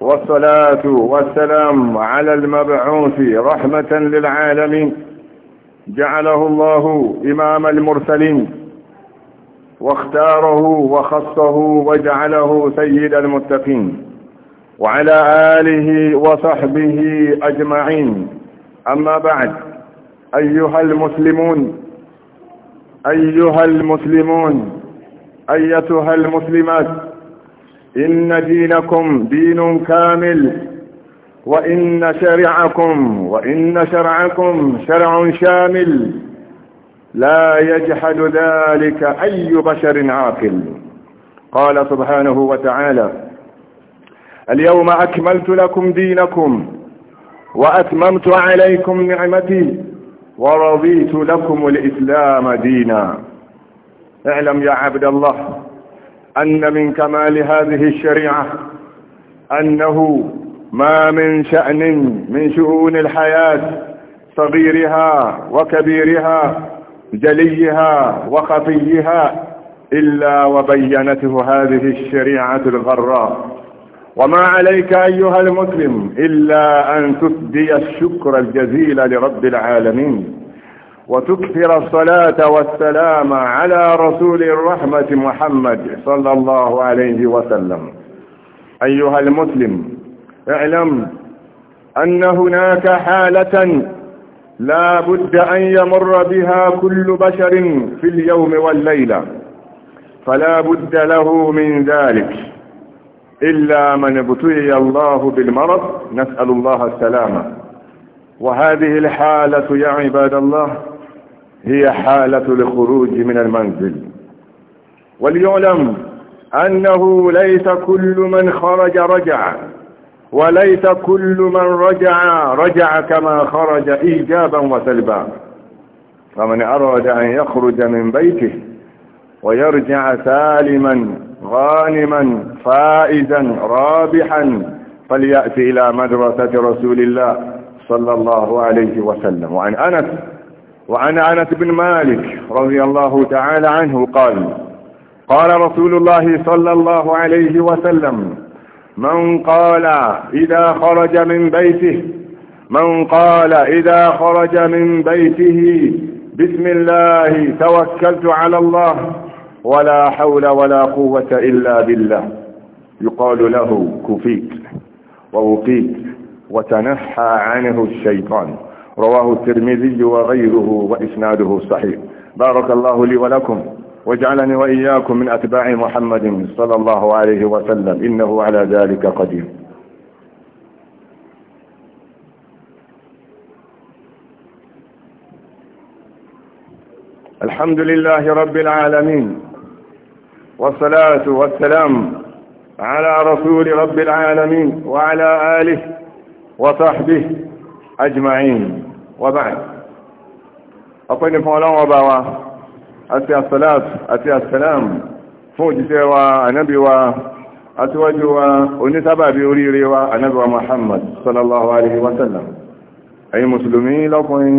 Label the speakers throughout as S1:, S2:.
S1: والصلاة والسلام على المبعوث رحمة للعالمين جعله الله إمام المرسلين واختاره وخصه وجعله سيد المتقين وعلى آله وصحبه أجمعين أما بعد أيها المسلمون أيها المسلمون أيتها المسلمات إن دينكم دين كامل وإن شرعكم وإن شرعكم شرع شامل لا يجحد ذلك أي بشر عاقل قال سبحانه وتعالى اليوم أكملت لكم دينكم وأتممت عليكم نعمتي ورضيت لكم الإسلام دينا اعلم يا عبد الله أن من كمال هذه الشريعة أنه ما من شأن من شؤون الحياة صغيرها وكبيرها جليها وخفيها إلا وبينته هذه الشريعة الغراء وما عليك أيها المسلم إلا أن تسدي الشكر الجزيل لرب العالمين وتكثر الصلاة والسلام على رسول الرحمة محمد صلى الله عليه وسلم أيها المسلم اعلم أن هناك حالة لا بد أن يمر بها كل بشر في اليوم والليلة فلا بد له من ذلك إلا من ابتلي الله بالمرض نسأل الله السلامة وهذه الحالة يا عباد الله هي حالة الخروج من المنزل وليعلم أنه ليس كل من خرج رجع وليس كل من رجع رجع كما خرج إيجابا وسلبا فمن أراد أن يخرج من بيته ويرجع سالما غانما فائزا رابحا فليأتي إلى مدرسة رسول الله صلى الله عليه وسلم وعن أنس وعن أنس بن مالك رضي الله تعالى عنه قال قال رسول الله صلى الله عليه وسلم من قال إذا خرج من بيته من قال إذا خرج من بيته بسم الله توكلت على الله ولا حول ولا قوة إلا بالله يقال له كفيت ووقيت وتنحى عنه الشيطان رواه الترمذي وغيره وإسناده صحيح بارك الله لي ولكم واجعلني وإياكم من أتباع محمد صلى الله عليه وسلم إنه على ذلك قدير الحمد لله رب العالمين والصلاة والسلام على رسول رب العالمين وعلى آله وصحبه أجمعين wọ́bàá ọ̀pẹ́ ní fún ọlọ́run ọba wa àti àsàlát àti àsàlám fún òjíṣẹ́ wa ànábí wa àtiwájú wa onísábàbí oríire wa ànábí wa Muhammad sallallahu alaihi wasallam ẹ̀yin mùsùlùmí lọ́kùnrin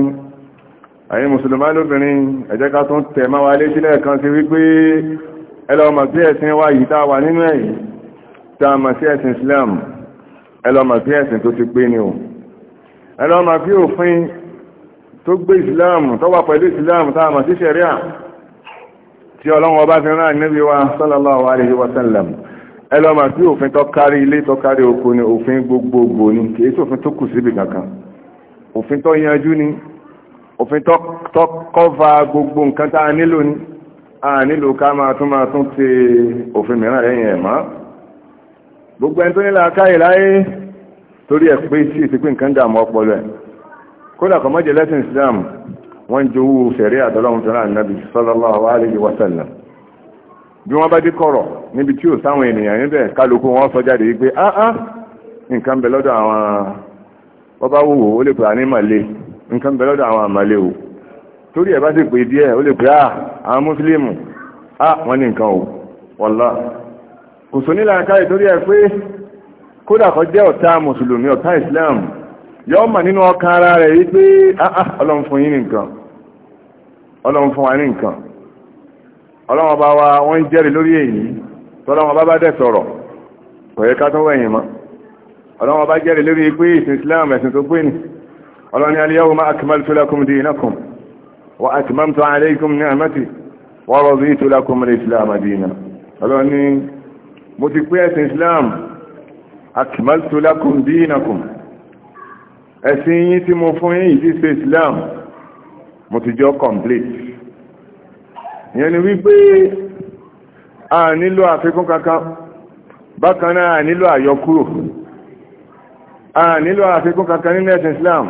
S1: ẹ̀yin mùsùlùmá lóbìnrin ẹ ká tún tẹ̀ máa wà lé sílẹ̀ kan sí wípé ẹlọ́mà ẹlọ́mà sí òfin tó gbé ìsìláàmù tó wà pẹ̀lú ìsìláàmù tá a mọ̀ sí ṣẹ̀ríà tí ọlọ́run ọba fi rán ànábì wa sallallahu alaihi wa sallam ẹlọ́mà tí òfin tó kárí ilé tó kárí oko ni òfin gbogbogbò ni kìí sófin tó kù síbi kankan òfin tó yanjú ni òfin tó kọ́va gbogbo nǹkan tá a nílò ni torí ẹ̀ sí ìsìnkú nǹkan dààmú ọpọlọ ẹ̀ kódà kọ̀ mọ́jẹ̀ islam wọ́n jowú fẹ̀rí àtọ́lọ́run tó náà nàbì sallallahu alaihi wa bí wọ́n bá dé kọ̀rọ̀ níbi tí ò sáwọn ènìyàn níbẹ̀ kálukú wọn sọ jáde wípé áá ah, ah, nǹkan bẹ lọ́dọ̀ àwọn bọ́bá wòwò ó lè pè ní màlẹ́ nǹkan lọ́dọ̀ àwọn àmàlẹ́ o torí ẹ̀ bá sì pè díẹ̀ ó lè pè áà ah, àwọn mùsùlùmù á wọ́n ní nǹkan o wọ́lá yọ́ mà nínú ọkàn ara rẹ̀ yí pé ah, ah, ọlọ́run fún yín nìkan ọlọ́run fún wa ní nǹkan ọlọ́run bá wa wọ́n jẹ́rìí lórí èyí tọ́lọ́run bá bá dẹ̀ sọ̀rọ̀ kò yẹ ká tó wẹ̀yìn mọ́ ọlọ́run bá jẹ́rìí lórí pé ìsìn Islam ẹ̀sìn tó gbé ni ọlọ́run al-yawma akmaltu lakum dinakum wa atmamtu alaykum ni'mati wa raditu lakum al-islam dinan ọlọ́run mo ti pé ẹ̀sìn Islam akmaltu lakum dinakum ẹ̀sìn yín tí mo fún yín ìdí ṣe Islam mo ti jọ complete ìyẹn ni wípé a nílò àfikún kankan bákan náà a nílò àyọkúrò a nílò àfikún kankan nínú ẹ̀sìn Islam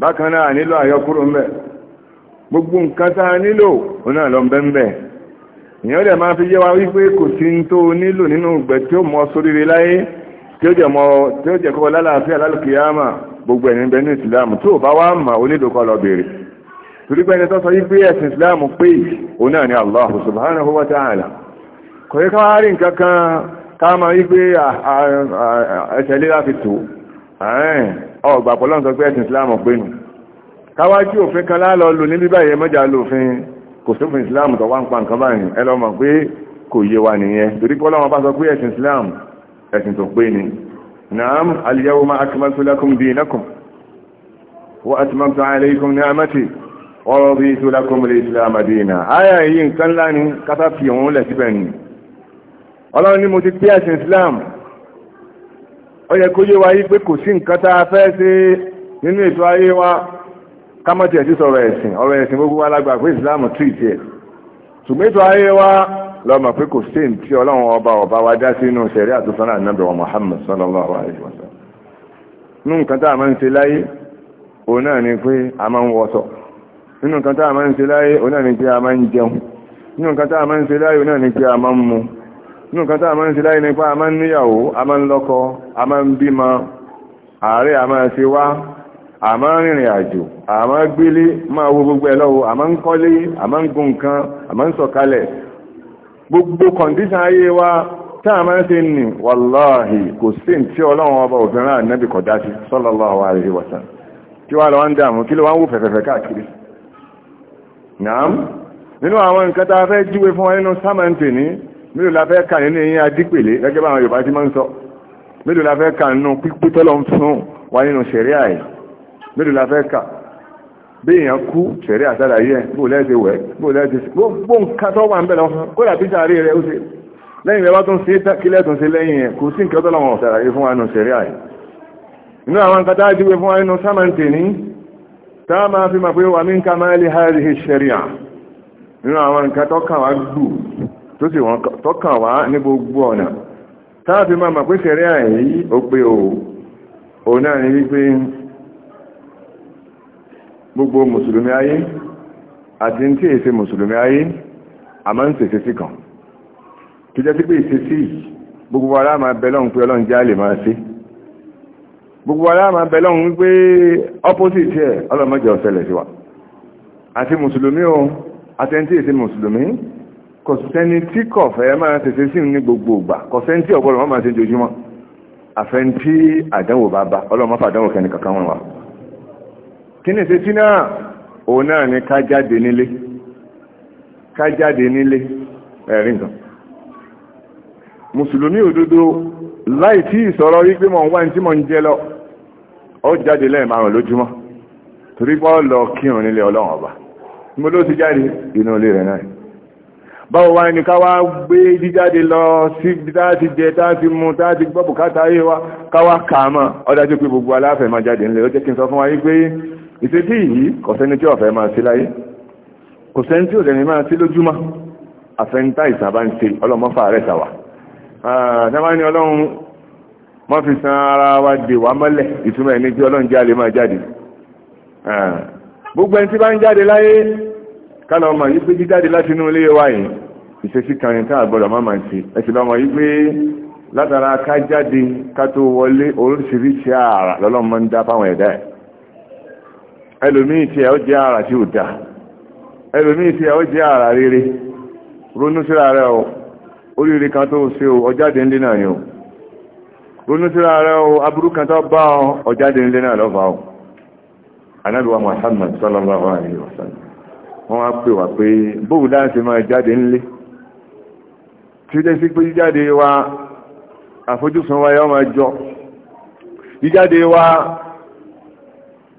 S1: bákan náà a nílò àyọkúrò ń bẹ gbogbo nǹkan tá a nílò òun náà lọ bẹ́ ń bẹ ìyẹn dẹ̀ máa fi yé wa wípé kò sí tó nílò nínú ìgbẹ́ tí ó mọ sóríire láyé tí ó jẹ́ kọ́ lálàáfíà lálùkìyàmà gbogbo ẹni bẹ ní ìsìláàmù tó bá wá mà onídòkọ lọ bèèrè torí pé ẹni tó sọ yí pé ẹ̀sìn ìsìláàmù pé òun náà ni Allah subhanahu wa ta'ala kò yẹ káwá rí nǹkan kan ká láti tó ọgbà pọ̀ ẹ̀sìn ìsìláàmù ẹ̀sìn tó pé ni نعم اليوم أكملت لكم دينكم وأتممت عليكم نعمتي ورضيت لكم الإسلام دينا آية إن كان لاني كتبت يوم لسبني الله أني متكتياس إسلام ó yẹ kó yé islam ọ pé kò sí nǹkan ṣe nínú wa lọ́mọ pé kò sí tí ọlọ́run ọba ọba wa dá sínú sẹ̀rí àtúnṣán ànábì wa Muhammad sallallahu alayhi wa sallam nínú nǹkan tá a máa ń ṣe láyé òun náà ni pé a máa ń wọṣọ nínú nǹkan tá a máa ń ṣe láyé òun náà ni pé a máa ń jẹun nínú nǹkan tá a máa ń ṣe láyé òun náà ni pé a máa ń mu nínú nǹkan tá máa ń ṣe láyé ni pé a máa ń níyàwó a máa ń lọ́kọ a máa ń bímọ ààrẹ a máa ṣe wá a máa ń rìnrìn àjò a máa gbélé máa wo gbogbo ẹ lọ́wọ́ a máa ń kọ́lé a máa ń gun nǹkan a máa ń sọ̀kalẹ̀ gbogbo kọ̀ǹdíṣàn ayé wa táà máa ń ṣe nì wàláhì kò sí tí ọlọ́run ọba òfin rán ànábì kọ̀dá sí sallallahu alaihi wasallam kí wá lọ wá ń dààmú kí ló wá ń wò fẹ̀fẹ̀fẹ̀ káàkiri nàám nínú àwọn nǹkan tá a fẹ́ jíwe fún wa nínú sámẹ́ǹtì ní mílò la fẹ́ kà nínú eyín adípèlé gẹ́gẹ́ bá àwọn Yorùbá ti máa ń sọ mílò la fẹ́ kà nínú pípítọ́lọ́ fún wa nínú ṣẹ̀ríà yìí mílò la fẹ́ kà béèyàn kú ṣẹ̀rí àtàlàyé ẹ̀ bó wẹ̀ bó sí gbogbo nǹkan tó wà ń bẹ̀rẹ̀ fún kódà bí sàárè rẹ̀ ó ṣe lẹ́yìn rẹ̀ bá tún ṣe ṣe lẹ́yìn kò sí nǹkan tó lọ́wọ́ fún wa nù àyè inú àwọn nǹkan fún wa máa fi máa pé wà mí nǹkan máa lè ha rí ṣẹ̀rí à nínú àwọn nǹkan tó kàn wá gbù tó sì gbogbo mùsùlùmí ayé àti ní tí èsè mùsùlùmí ayé a máa ń sèse sí kan tó jẹ́ sí pé ìsesí gbogbo ara máa bẹ lọ́hùn pé ọlọ́run jẹ́ àlè máa ṣe gbogbo ara máa bẹ lọ́hùn wípé opposite ẹ̀ ọlọ́mọjọ ọ̀sẹ̀lẹ̀ sí wa àti mùsùlùmí o àti ní tí èsè mùsùlùmí kò sẹ́ni tí kọ̀fẹ́ máa sèse sí ní gbogbo ìgbà kò sẹ́ni tí ọ̀gbọ́n máa ṣe jojúmọ́ àfẹ́ntí àdánwò bá bá ọlọ́run má fàdánwò kẹ́ni kankan wọn wà. kí ni ìṣesí náà òun náà ni ká jáde nílé ká jáde nílé ẹ̀rí nǹkan mùsùlùmí òdodo láì tí ìsọ̀rọ̀ wípé mọ̀ ń wá ní tí mọ̀ ń jẹ lọ ó jáde lẹ́ẹ̀márùn lójúmọ́ torí pọ́ lọ kírun nílé ọlọ́run ọba mo ló ti jáde inú ilé rẹ̀ náà báwo wá ní ká wá gbé jíjáde lọ sí táti jẹ táti mu táti gbọ́ bùkátà ayé wa ká wá kà á mọ̀ ó dájú pé gbogbo aláfẹ́ máa jáde nílé ó jẹ́ kí n sọ fún wa yí pé ìṣètí yìí kò sẹ́ni tí ọ̀fẹ́ máa ṣe láyé kò sẹ́ni tí òdẹni máa ṣe lójúmọ́ àfẹ́ntà ìsàbá ń ṣe ọlọ́mọ́fà rẹ̀ sàwà dábàá ní ọlọ́run wọ́n fi san ara wa dè wá mọ́lẹ̀ ìtumọ̀ ẹni tí ọlọ́run jáde máa jáde gbogbo ẹni tí bá ń jáde láyé kálọ̀ ọmọ yìí pé jíjáde láti inú ilé wa yìí ìṣesí kan ní káà gbọ́dọ̀ má máa ṣe ẹ̀sìn lọ́mọ yìí pé látara ká jáde ká tó wọlé oríṣiríṣi ààrà lọ́lọ́mọ ń dá fáwọn ẹ̀dá ẹ̀ ẹlòmíì tí ẹ jẹ́ àrà tí ò dá ẹlòmíì tí ẹ jẹ́ àrà rere ronú síra rẹ o oríire kan tó ṣe o ọjáde o ronú síra rẹ o aburú kan tó bá ọ ọjáde náà o anábíwá Muhammad sallallahu alaihi wasallam wọ́n wá pè wá pé bóòwù láti máa jáde ńlé tí ó pé wa àfojúsùn wa máa jọ jíjáde wa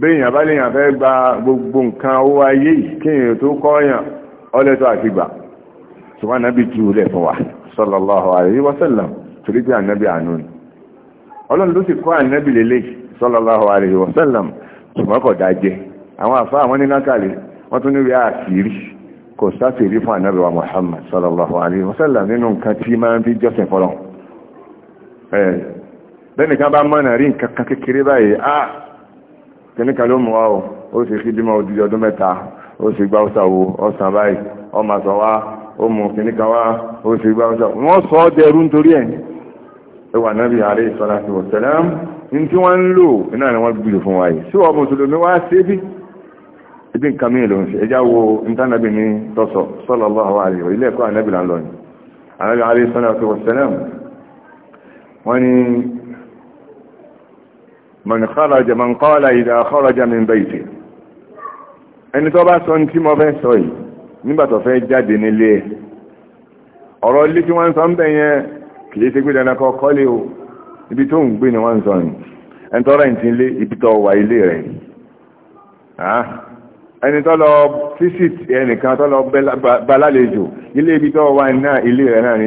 S1: béèyàn bá léèyàn fẹ́ gba gbogbo nǹkan owó ayé yìí kéèyàn tó kọ́yàn ọlẹ́tọ́ àti gbà ṣùgbọ́n ànábì ju ilẹ̀ fún wa sallallahu alaihi wa sallam torí pé ànábì àánú ni ọlọ́run sallallahu alaihi wa sallam ṣùgbọ́n kò dájẹ́ àwọn àfa àwọn nílákàlẹ̀ wọ́n tún níwèé àṣírí wa Muhammad sallallahu alaihi wa sallam nínú nǹkan tí máa ń fi jọ́sìn fọlọ́ bẹ́ẹ̀ nìkan bá mọ̀nà rí nǹkan kékeré báyìí ah, kìníkà ló mú wa o ó sì fi dímọ̀ òdìdí ọdún mẹ́ta ó sì gbá ọ̀sà wo ọ̀sàn báyìí ọmọ àsàn wa ó mú kìníkà wa ó sì gbá ọ̀sà wọ́n sọ ọ́ dẹrú nítorí ẹ̀ ẹ wà nábì alayhi salatu wa salam ní tí wọ́n ń lò iná ni wọ́n gbìyànjú fún wa yìí sí ọ mùsùlùmí wá sí bí ibi nǹkan mi ló ń ṣe ẹjá wo ìtànàbì ní tọ́sọ̀ sallallahu alaihi من kharaja من قال إذا kharaja من bayti ẹni tó bá sọ ní tí mo fẹ́ sọ yìí nígbà tó fẹ́ jáde nílé ẹ̀ ọ̀rọ̀ ilé tí wọ́n sọ ń bẹ̀ yẹn kì í ṣe pé dandan kọ́ kọ́lé o ibi tó ń gbé ni wọ́n sọ ní ẹni tó rẹ̀ǹtì ilé ibi tó wà ilé rẹ̀ ah, ẹni tó lọ fíṣìt ẹnìkan tó lọ balálejò ilé ibi tó wà náà ilé rẹ̀ náà ní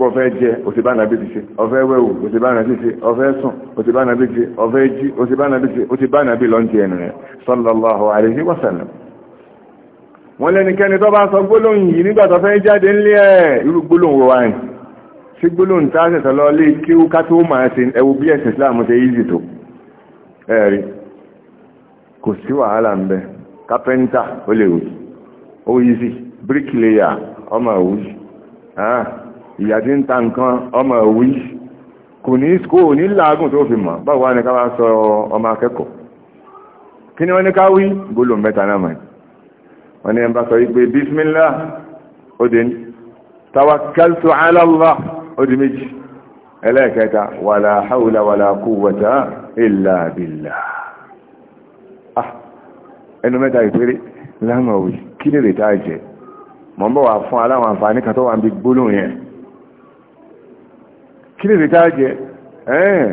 S1: bọ́ọ̀fẹ́ jẹ òsìbá nàbí ti ṣe ọ̀fẹ́ wẹ̀wù òsìbá nàbí ṣe ọ̀fẹ́ sùn òsìbá nàbí ṣe ọ̀fẹ́ jí òsìbá nàbí ṣe nàbí ẹnu rẹ̀ sallallahu alaihi wa wọ́n lẹ́nikẹ́ni tó bá sọ gbólóhùn yìí nígbà tó fẹ́ jáde ńlé ẹ̀ irú gbólóhùn wọ ìyà tí ń ta nǹkan ọmọ òwí kò ní kó ní láàgùn tó fi mọ̀ báwo wá ní ká bá sọ ọmọ akẹ́kọ̀ọ́ kí ni wọ́n ní ká wí gbólò mẹ́ta náà mọ̀ wọ́n ní ẹmbá sọ wípé bísmílá ó dé ní tawakkaltu ala Allah méjì ẹlẹ́ẹ̀kẹta wàlá haúlá wàlá quwwata illa billah ah, ẹnu mẹ́ta ìpéré lámọ̀wé kí lè rè jẹ mọ̀ ń bọ̀ wà fún aláwọn àǹfààní kan tó wà ń bí gbólóhùn yẹn kí lè nìta jẹ ẹ̀ẹ́n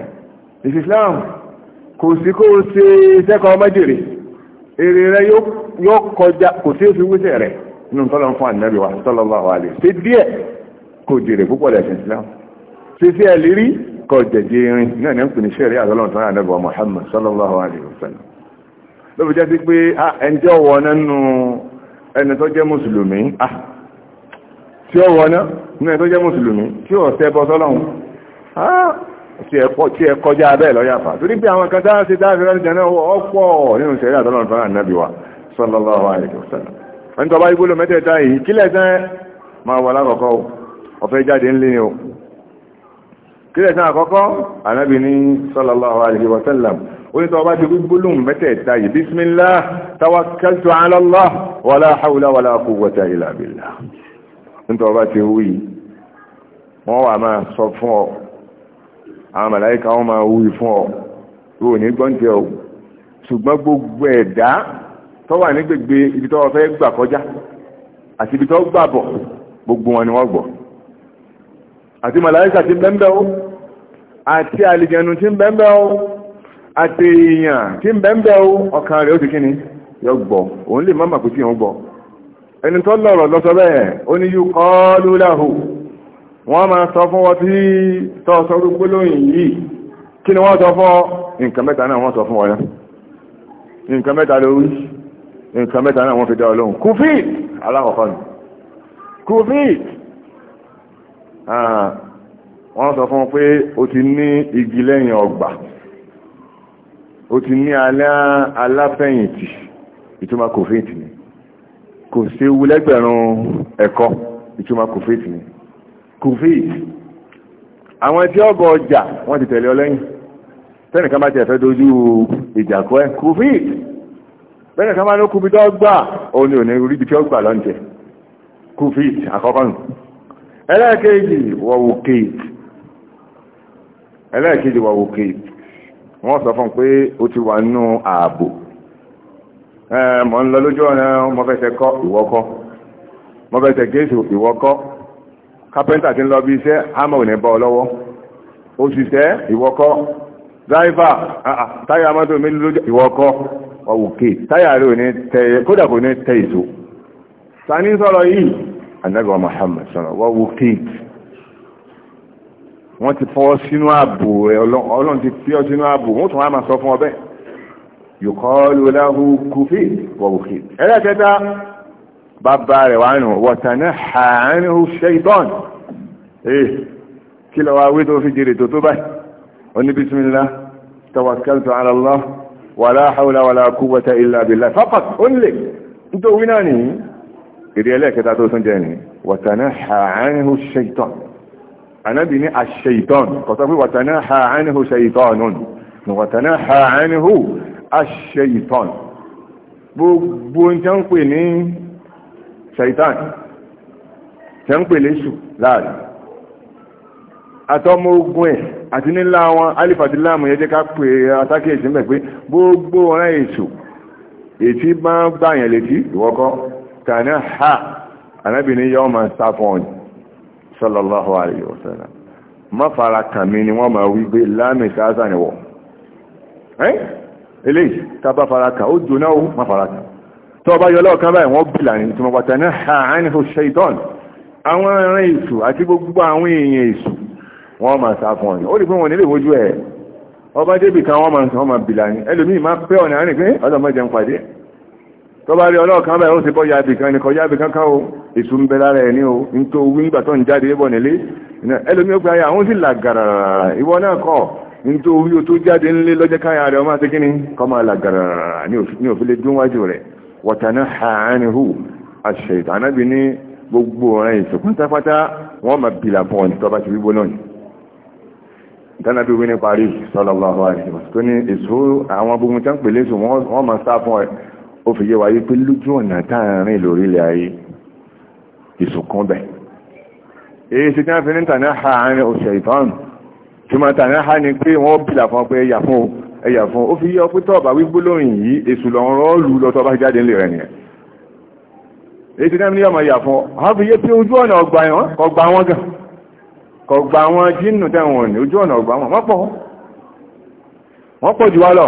S1: ìsì islam kò sí kó o ṣe sẹ́kọ̀ọ́ méjèrè èrè rẹ yóò kọjá kò sí èsì wíṣẹ̀ rẹ̀ nínú tọ́lọ́ fún ànábì wa tọ́lọ́ bá wà lè ṣe díẹ̀ kò jèrè púpọ̀ lẹ́sìn islam ṣe sí ẹ̀lérí kọ jẹ̀jẹ̀ irin náà ní ẹ̀kùn iṣẹ́ rẹ̀ àgọ́lọ́n tọ́lọ́ ànábì wa Muhammad sallallahu alaihi wasallam ló fi jẹ́ sí pé ẹnjẹ́ ọwọ́ nínú ẹni tó jẹ́ mùsùlùmí tí ọwọ́ náà nínú ẹni tó jẹ́ mùsùlùmí tí ọ̀ tí ẹ kọjá bẹ́ẹ̀ lọ́yà fà torí bí àwọn kan táà sí táà fẹ́rẹ́ jẹ́ náà ọ̀pọ̀ nínú sẹ́rẹ́ àtọ́nà fún ànábì wa sallallahu alaihi wasallam ẹni tọba igbó ló mẹ́tẹ̀ẹ̀ta yìí kílẹ̀ tán máa wà lákọ̀ọ́kọ́ ọ̀fẹ́ jáde ńlé ni o kílẹ̀ tán àkọ́kọ́ ànábì ní sallallahu alaihi wasallam ó ní tọba igbó gbólóhùn mẹ́tẹ̀ẹ̀ta yìí bismillah tawakkaltu ala Allah wala hawla wala quwwata illa billah ní tọba ti wú àwọn màláìka wọn máa wúri fún ọ tó ní gbọ́ǹtẹ̀ ọ ṣùgbọ́n gbogbo ẹ̀dá tó wà ní gbègbè ibi tó fẹ́ gbà kọjá àti ibi tó gbà bọ̀ gbogbo wọn ni wọ́n gbọ́ àti màláìka ti bẹ́ńbẹ́ ó àti àlìjẹnu ti bẹ́ńbẹ́ ó àti èèyàn ti bẹ́ńbẹ́ ó ọkàn rẹ̀ ó ti kíni yọ gbọ́ òun lè má mà kú sí ẹni tó lọ̀rọ̀ lọ́sọ bẹ́ẹ̀ ó ní yú kọ́ lóláhùn wọ́n máa sọ fún wọ́n tí tọ́ọ̀sọ́rú gbólóyìn yìí kí ni wọ́n sọ fún nǹkan mẹ́ta náà wọ́n sọ fún ọ̀yá nǹkan mẹ́ta lórí nǹkan mẹ́ta náà wọ́n fi dá ọlọ́run kúfíìt alákọ̀ọ́kọ́ ni kúfíìt ah, wọ́n sọ fún pé o ti ní igi lẹ́yìn ọgbà o ti ní aláfẹ̀yìntì ìtumọ̀ kúfíìt ni kò sí ewu ẹ̀kọ́ ìtumọ̀ kúfíìt ni kùfíìs àwọn tí ọgọ ọjà wọ́n ti tẹ̀lé ọlẹ́yìn tẹ́nìkan bá ti ẹ̀fẹ́ dojú ìjàkọ́ ẹ̀ kùfíìs tẹ́nìkan bá ní kùbí tó gbà òun ni ò ní rí ibi tí ó gbà lọ́njẹ kùfíìs àkọ́kọ́ nù ẹlẹ́ẹ̀kejì wọ̀wù kéèt ẹlẹ́ẹ̀kejì wọ̀wù kéèt wọ́n sọ fún pé ó ti wà nínú ààbò mọ̀ ń lọ lójú ọ̀nà mọ́fẹ́sẹ̀ kọ́ ìwọ́kọ́ mọ́fẹ́sẹ̀ kéèsì ìwọ́kọ́ kápẹ́ntà ti ń lọ bí iṣẹ́ hammer ò ní bọ́ ọ lọ́wọ́ òṣìṣẹ́ ìwọ́kọ́ dráìvà ah, ah, táyà mọ́tò mi lójú ìwọ́kọ́ ọ̀wùkè táyà rẹ̀ ò ní tẹ kódà kò ní tẹ èso sani sọ̀rọ̀ yìí Ànábì wa Muhammad sọ̀rọ̀ ọ̀wùkè wọ́n ti fọ́ sínú ààbò rẹ̀ ọlọ́run ti fi ọ́ sínú ààbò wọ́n tún wá máa sọ fún ọ bẹ́ẹ̀ yòkọ́ lóláhù kùfì ọ̀wùkè ẹlẹ́kẹta bàbá rẹ̀ wà nù wọ̀tàná àárín ṣẹ́ìtọ́n eh kí lọ wá wí tó fi jèrè tó tó báyìí oní bísmìlá tawakkaltu ala Allah wala hawla wala quwwata illa billah faqat only nítorí wí náà nìyí èdè ẹlẹ́ẹ̀kẹta tó tún jẹ́ ni wọ̀tàná àárín ṣẹ́ìtọ́n anábì ní àṣẹ́ìtọ́n gbogbo ń pè ní ṣaitan tẹ́ ń pè léṣù láàrin àtọmọ ogun àti nílá wọn yẹ ká pè pé gbogbo ọ̀rẹ́ eti ètí bá ń gbàyàn létí ìwọ́kọ́ tàní ha anábìnrin yọ́ ma sá fún ma fara kàmí ni wọ́n ma wípé láàmì sáásà ni wọ́n ẹ́ eléyìí fara kà ó ó fara kàmí tó bá yọ lọ́ọ̀kan báyìí wọ́n bìlà ní tí wọ́n pàtà ní àánihò ṣeitọ́n àwọn ẹran èṣù àti gbogbo àwọn èèyàn èṣù wọ́n máa sá fún ọ̀nà ó rí pé wọ́n nílé ìwójú ẹ̀ ọba débì kan wọ́n máa sọ ọmọ bìlà ní ẹlòmíì máa pẹ́ ọ̀nà àárín pé ọlọ́mọdé ń pàdé tó bá rí ọlọ́ọ̀kan báyìí ó ti bọ́ ya ibì kan ní kọjá ibì kan ká o èṣù ń bẹ lára ẹ̀ ní wọ̀tàná àánihu àṣẹ̀tà anábì ní gbogbo ọ̀rẹ́ ètò pátápátá wọ́n ma bìlà fún ọ̀nà tọ́bá ti wígbó náà ìtànàbí wí ní parí sallallahu alaihi wasallam tó ní èso àwọn gbogbo tán pèlé sùn wọ́n ẹ̀yà fún ó fi yẹ ọ pé tọ́ọ̀bà wí gbólóhùn yìí èṣù lọ́rùn ọ́ọ̀lù lọ́tọ́ bá jáde nílé rẹ̀ nìyẹn èyí tí ní ọmọ ìyà fún ọ fi yé pé ojú ọ̀nà ọgbà wọn kọgbà wọn gan kọgbà wọn jínú tẹ́wọ̀n ní ojú ọ̀nà ọgbà wọn wọ́n pọ̀ wọ́n pọ̀ jù wá lọ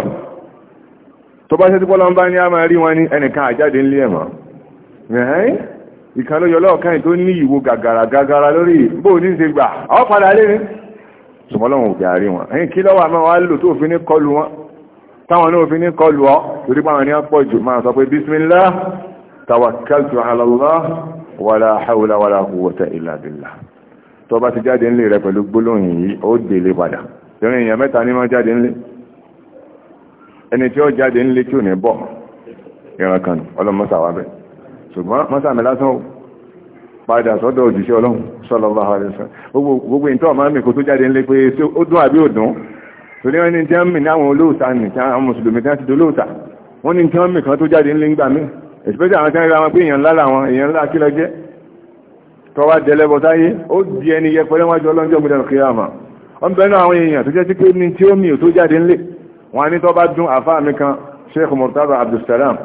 S1: tó bá ṣe pọ́lọ́ ń bá ní a máa rí wọn ní ẹnìkan àjáde nílé ẹ̀mọ́ ìkan ló lọ́ọ̀kan tó ní ìwo gàgàrà gàgàrà lórí bóò ní ṣe ọ padà lé ṣùgbọ́n òjò àrí wọn ẹ̀yìn kí lọ́wọ́ àmọ́ wá lò tó fi ní kọlu wọn táwọn náà fi ní kọlu ọ torí pàwọn ní ọ̀pọ̀ jù máa sọ pé bísmílá tawakkaltu ala Allah wàlá hawla wàlá quwwata illa billah tó bá ti jáde ńlẹ̀ rẹ pẹ̀lú gbólóhùn yìí ó délé padà torí èèyàn mẹ́ta ní máa jáde padà sọ́dọ̀ òjíṣẹ́ ọlọ́run sallallahu alaihi wasallam gbogbo ìtọ́ ọmọ mi kò tó jáde ńlé pé ó dún àbí òdún torí wọ́n ní tí wọ́n mì ní àwọn olóòtà nì tí àwọn mùsùlùmí especially àwọn tí wọ́n ra wọn pé èèyàn ńlá làwọn èèyàn ńlá kí lọ jẹ́ tọwa dẹlẹ́bọ táyé ó di ẹni yẹpẹrẹ wájú ọlọ́njọ́ gbọdọ̀ kíyàmà wọ́n bẹ̀rẹ̀ àwọn èèyàn tó jẹ́ sí pé ní tí ó mì ò tó jáde ńlé wọn ní tó bá dún àfáà mi kan sheikh murtaba abdulsalam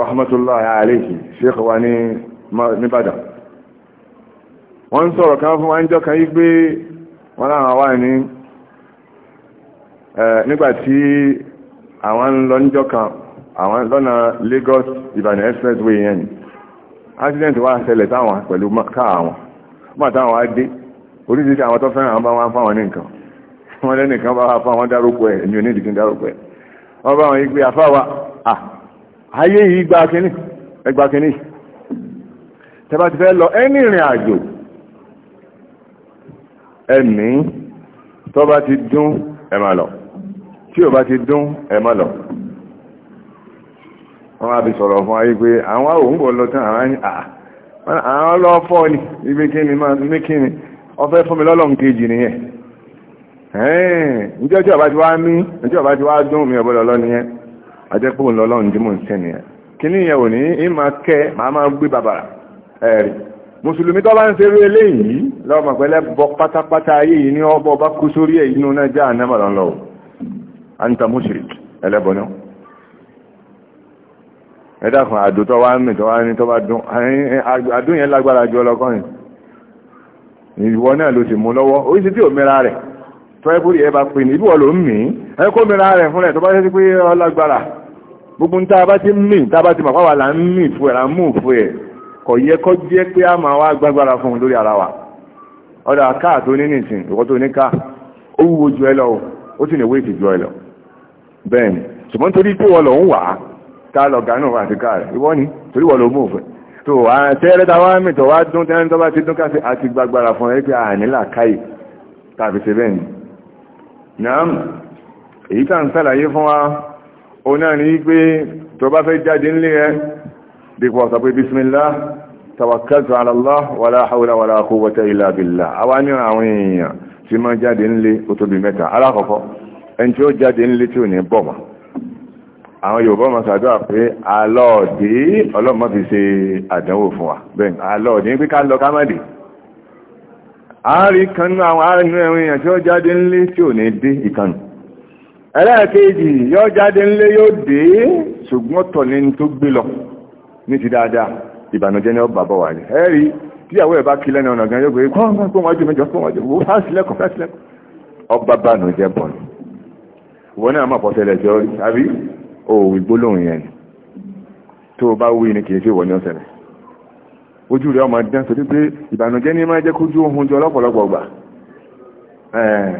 S1: rahmatullahi alayhi sheikh wa nìbàdàn wọ́n ń sọ̀rọ̀ kan fún wa kan yí pé wọ́n láwọn wà ní nígbàtí àwọn ń lọ níjọ́ àwọn lọ́nà Lagos Ìbàdàn expressway yẹn ni accident wá ṣẹlẹ̀ táwọn pẹ̀lú káà wọn mọ́ táwọn wá dé oríṣiríṣi àwọn tó fẹ́ràn bá wọn fáwọn ní wọ́n lẹ́nìkan bá fáwọn dárúkọ ẹ̀ ní onídìkín dárúkọ ẹ̀ wọ́n bá wọn yí ayé yìí gbá kínní ẹgbá kínní tẹ́bá ti fẹ́ lọ ẹni ìrìn àjò ẹni tó bá ti dún ẹ máa lọ tí ò bá ti dún ẹ lọ wọ́n máa fi sọ̀rọ̀ fún ayé pé àwọn òǹbọ̀ lọ tán àwọn ọlọ́fọ́ ni ibi kí ni ọfẹ́ fún mi lọ́lọ́ kejì nìyẹn ẹ̀ẹ́n ìjọ́ mi ọ̀bọ̀lọ́ lọ nìyẹn ajẹ́pọ̀ ńlọ́lọ́ ní tí mò ń sẹ́ nìyẹn kí ní ìyẹn ò ní í máa kẹ́ máa máa gbé bàbàrà ẹ̀rì mùsùlùmí tó bá ń ṣerú eléyìí lọ́mọ pẹ̀lẹ́ bọ pátápátá ayé yìí ní ọbọ̀ bá kú sórí ẹ̀ inú náà já ànámà lọ́lọ́ anta mushrik ẹlẹ́bọ̀nà ẹ̀dàkùn àdó tó wá mì tó wá ní tó bá dún àdún yẹn lágbára ju ọlọ́kọ́rin ìwọ náà ló sì mú lọ́wọ́ oríṣi tí ò mẹ́ra rẹ̀ tó ẹ́bùrì ẹ bá pè ní ibùwọ̀ ló ń mì ẹ kó mẹ́ra rẹ̀ fúnlẹ̀ tó bá ṣe pé ọlágbára gbogbo ń tá a bá ti mì tá a bá ti mọ̀ pàwàlà ń mì fún ẹ̀ kò yẹ kó jẹ́ pé a máa wá gbágbára fún lórí ara wa ọ̀dà káà tó ní nìsín ìwọ́n tó ní ká ó wúwo ju ẹ lọ ó sì ní wéètì ju ẹ lọ bẹ́ẹ̀ ni ṣùgbọ́n torí pé wọ́n lọ ń wà á ká lọ gánà wà àti káà rẹ̀ ìwọ́n ni torí wọ́n lọ mú òfin tó àtẹ́rẹ́ ta wá mìtọ̀ wá dún tẹ́rẹ́ tó bá ti dún káṣí àti gbágbára fún ẹ pé ànílà káyì tàbí ṣe bẹ́ẹ̀ ni nàám èyí tá ń sàlàyé fún wa òun náà ní pé tó bá fẹ́ jáde ńlé ẹ dípò sọ pé bismillah tawakkaltu ala Allah wala hawla wala quwwata illa billah àwa ní àwọn èèyàn tí máa jáde ńlé ó tóbi mẹ́ta alákọ̀ọ́kọ́ ẹni tí ó jáde ńlé tí ò ní bọ̀ mọ́ àwọn Yorùbá máa ṣàdúrà yóò jáde ńlé yóò dé ṣùgbọ́n tọ̀ ní tó gbé lọ ní ti dáadáa ìbànújẹ́ ní ọba bọ̀ wà ní ẹ̀rí tí àwọn ẹ̀bá kí lẹ́nu ọ̀nà gan yóò gbé kọ́ kó wájú mẹ́jọ kó wájú wó fásílẹ̀kùn fásílẹ̀kùn ọba bànújẹ́ bọ̀ ni wọn náà má pọ̀sẹ̀lẹ̀ jọ àbí òwì gbólóhùn yẹn ni tó o bá wí ni kìí ṣe wọ̀ ní ọ̀sẹ̀lẹ̀ ojú rẹ̀ ọmọ dán torí pé ìbànújẹ́ ní máa jẹ́ kójú ohun jọ lọ́pọ̀lọpọ̀ gbà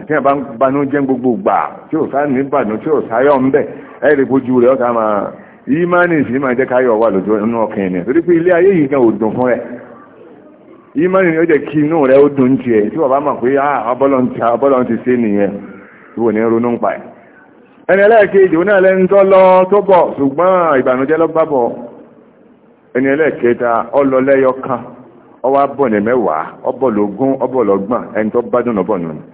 S1: tí a bá ń banú jẹ́ gbogbo gbà tí ò sá ní ìbànú tí ò sáyọ̀ ń bẹ̀ ẹ̀rí ojú rẹ̀ ọ̀sá máa ìmánì sí máa jẹ́ káyọ̀ wà lójú ọkàn ilé ayé yìí ò dùn fún rẹ̀ ìmánì ni ó jẹ́ kí inú rẹ̀ ó dùn tiẹ̀ tí wọ́n bá mọ̀ pé ọbọ́lọ́n ah, ti ṣe nìyẹn tí wò ní ronú ń pa ẹ̀ ẹni ẹlẹ́ẹ̀kejì ó náà lẹ́ni lọ tó bọ̀ ṣùgbọ́n ìbànújẹ́ lọ ẹni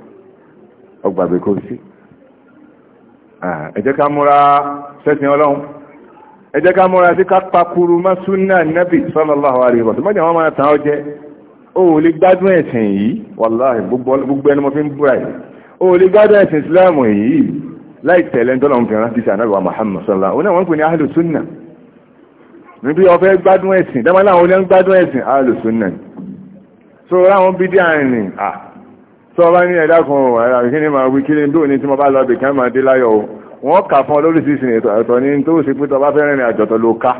S1: ọgbàgbé kó sí ẹ jẹ́ ká múra sẹ́sìn ọlọ́run ẹ jẹ́ ká múra sí ká pakuru má súnà nẹ́bì sallallahu alaihi wasallam mọ́jà wọn máa tàn ọ́ jẹ́ o ò lè gbádùn ẹ̀sìn yìí wàláhì gbogbo ẹni mo fi ń búra yìí o ò lè gbádùn ẹ̀sìn ìsìláàmù yìí láì tẹ̀lé ńtọ́lọ́run fi rántí sí ànábì wa Muhammad sallallahu alaihi wasallam wọ́n pè ní ahlu sunna níbi ọ̀fẹ́ gbádùn ẹ̀sìn dámọ́ so láwọn bídí àárín ah tó bá ní ẹ̀dá kan ara kí ní máa wí kí ní tó ní tí mo bá lọ bìkan máa dé láyọ̀ o wọ́n kà fún olóríṣìíṣìí ẹ̀tọ̀ ní tó ṣe pé tó bá fẹ́rẹ̀ ní àjọ̀tọ̀ ló ká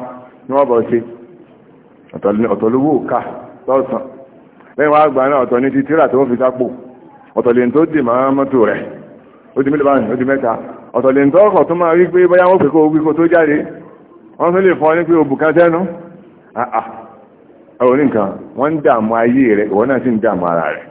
S1: ní wọ́n bọ̀ ṣe ọ̀tọ̀ lówó ká lọ́sàn lẹ́yìn wá gbà náà ọ̀tọ̀ ní ti tíra tó fi sápò ọ̀tọ̀ lè tó dì máa mọ́tò rẹ̀ ó di mílíọ̀nù báyìí ó di mẹ́ta ọ̀tọ̀ lè tó ọkọ̀ tó máa rí pé bóyá wọ́n pè kó wí kó tó jáde wọ́n tún lè fọ́ ní pé òbù kan tẹ́nu àwọn oníkan wọ́n ń dààmú ayé rẹ̀ ìwọ náà sì ń dààmú ara rẹ̀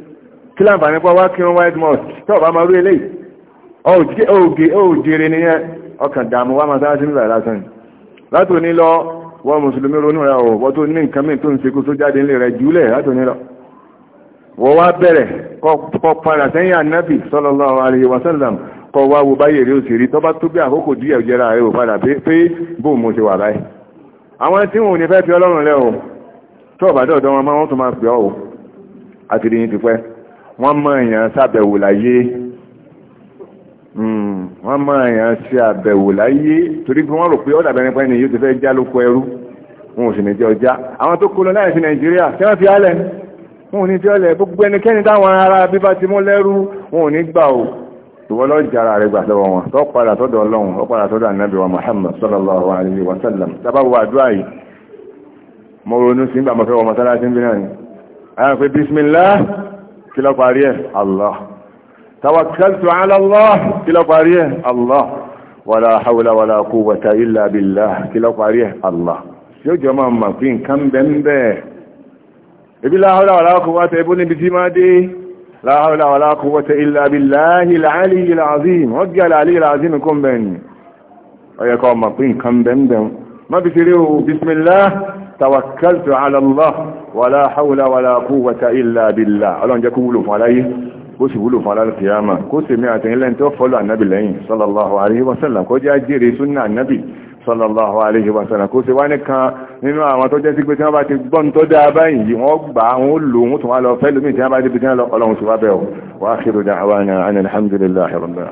S1: kí láǹfààní pọ́ wá kí wọ́n white mosque tó bá máa rú eléyìí òjèrè nìyẹn ọkàn dààmú wá máa sára sí nígbà lásán látò ní lọ wọ́n mùsùlùmí ronú rẹ̀ ò wọ́n tó ní nǹkan mìíràn tó ń sekú tó jáde nílé rẹ̀ jùlẹ̀ látò ní lọ wọ́n wá bẹ̀rẹ̀ kọ́ padà sẹ́yìn ànábì sallallahu alaihi wasallam kọ́ wá wo báyìí rí òsì rí tọ́ bá tó gbé àkókò díẹ̀ jẹ́ra rẹ̀ ò padà pé bóun mo ṣe wà báyìí àwọn tí wọn ò ní fẹ́ fi ọlọ́run lẹ́ o tó ọ̀bàdàn ọ̀dọ́ wọn máa wọ́n tó máa pè ọ́ o àti ìdíyìn ti pẹ́ wọ́n mọ̀ èèyàn ṣàbẹ̀wò láyé hmm, wọ́n mọ̀ èèyàn ṣe àbẹ̀wò láyé torí pé wọ́n rò pé ọ̀dà bẹ̀rẹ̀ pẹ́ni yóò ti fẹ́ já lóko ẹrú wọn ò sì ní jẹ́ ọjà àwọn tó kó lọ láì sí nàìjíríà tí wọ́n fi álẹ̀ wọn ò ní jẹ́ ọlẹ̀ gbogbo ẹnikẹ́ni táwọn ará bíbá ti mú lẹ́rú wọn ò ní gbà ò ìwọ lọ jara rẹ̀ gbà lọ́wọ́ wọn tó padà tọ́dọ̀ ọlọ́run ó padà tọ́dọ̀ ànábì wa Muhammad sallallahu alaihi wa sallam tábàwọ̀ àdúrà yìí mo ronú sí gbà mọ́fẹ́ wọn mọ́sálásí ń bí náà ni àwọn pé bismillah kí ló parí ẹ̀ Allah tawakkaltu ala Allah kí ló parí ẹ̀ Allah wala hawla wala quwwata illa billah kí ló parí ẹ̀ Allah yóò jọ máa mà fi nǹkan bẹ́ẹ̀ ibi la hawla wala quwwata ebó níbi tí máa dé la hawla wala quwwata illa billahi al-aliyyil azim wọ́n gẹ́ al-aliyyil azim wàlá haúlá wàlá quwwata illa billah ọlọ́run jẹ́ kó wúlò fún aláyé kó sì wúlò fún aláàkìyàmà kó sì mẹ́ àtẹ̀yìnlẹ́n tó fọ́lọ̀ annabi lẹ́yìn sallallahu alaihi wasallam kó jẹ́ ajére súnà annabi sallallahu alaihi wasallam kó sì wá nìkan nínú àwọn tó jẹ́ sí tí wọ́n bá ti gbọ́n tó dáa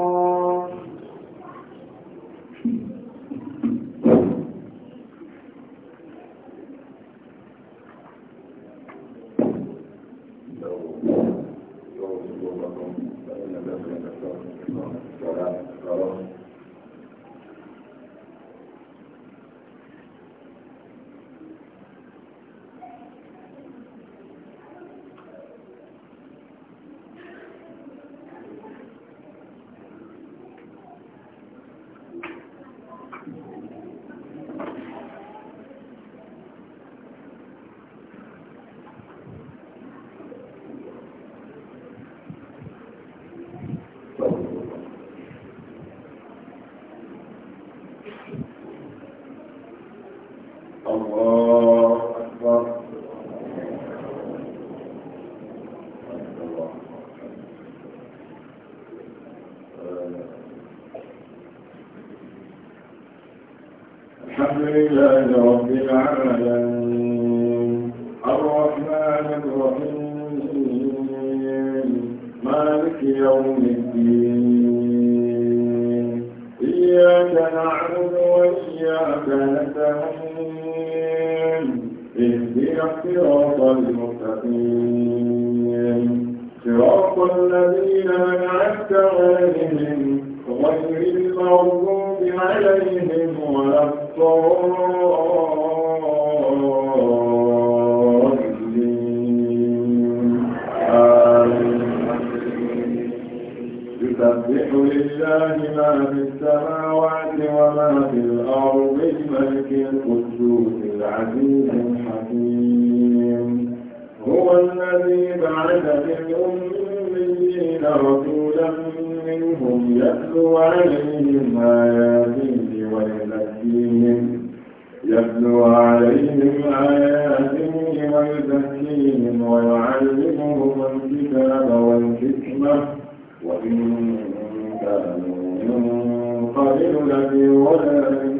S2: لله رب العالمين لله ما في السماوات وما في الأرض الملك القدوس العزيز الحكيم هو الذي بعث في الأميين رسولا منهم يتلو عليهم آياته ويزكيهم يتلو عليهم آياته ويزكيهم ويعلمهم الكتاب والحكمة وإن كانوا من قبل لفي ضلال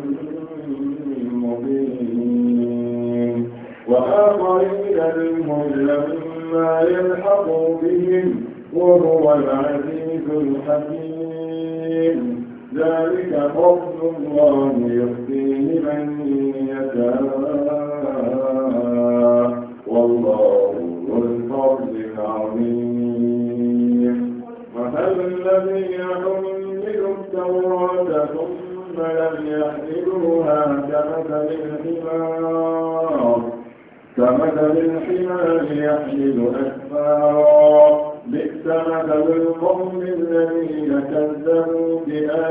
S2: مبين وآخرين منهم لما يلحقوا بهم وهو العزيز الحكيم ذلك فضل الله يؤتيه من يشاء والله ذو الفضل العظيم أفلا الذي يحمل التوراة ثم لم يحملها كمثل الحمار كمثل الحمار يحمل أسفارا بئس مثل القوم الذين كذبوا بآياتنا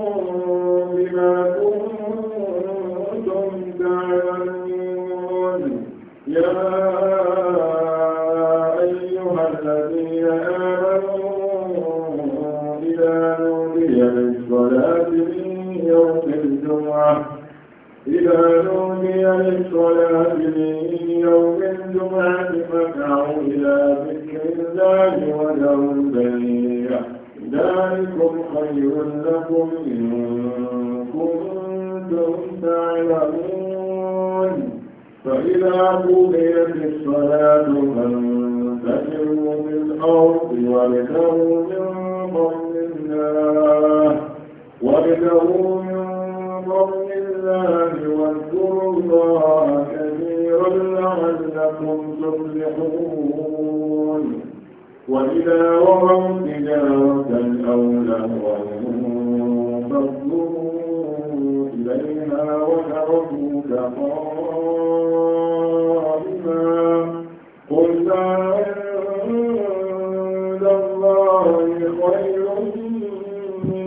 S2: Oh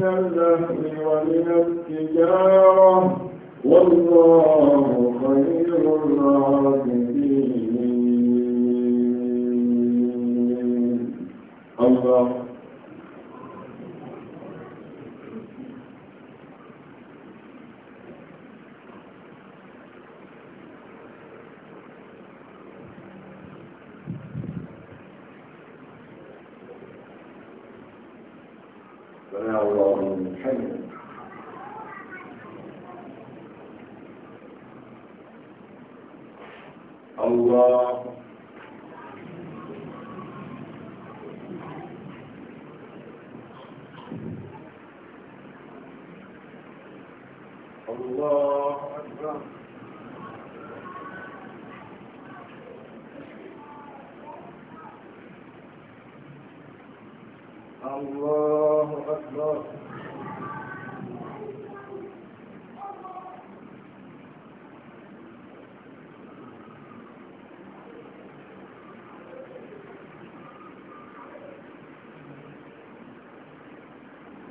S2: من اللهو ومن التجارة والله خير الرازقين الله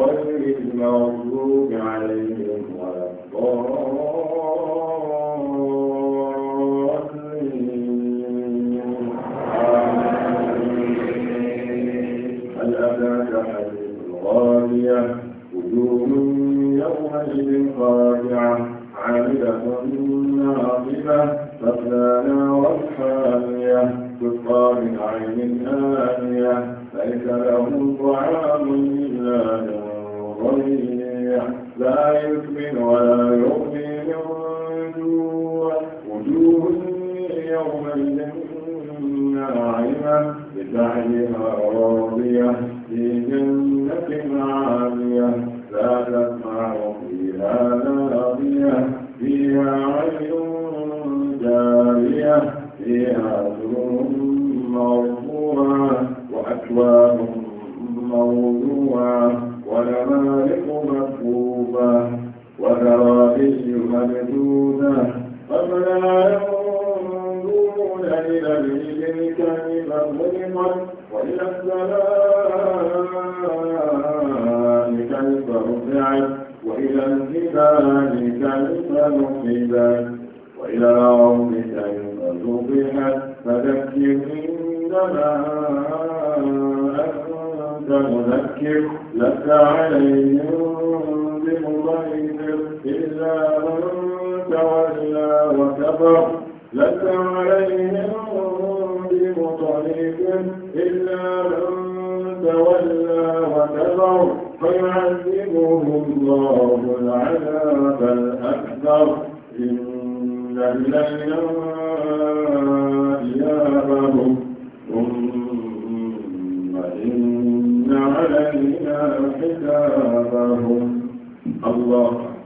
S2: غير المغضوب عليهم في جنة عالية إن علينا حسابهم الله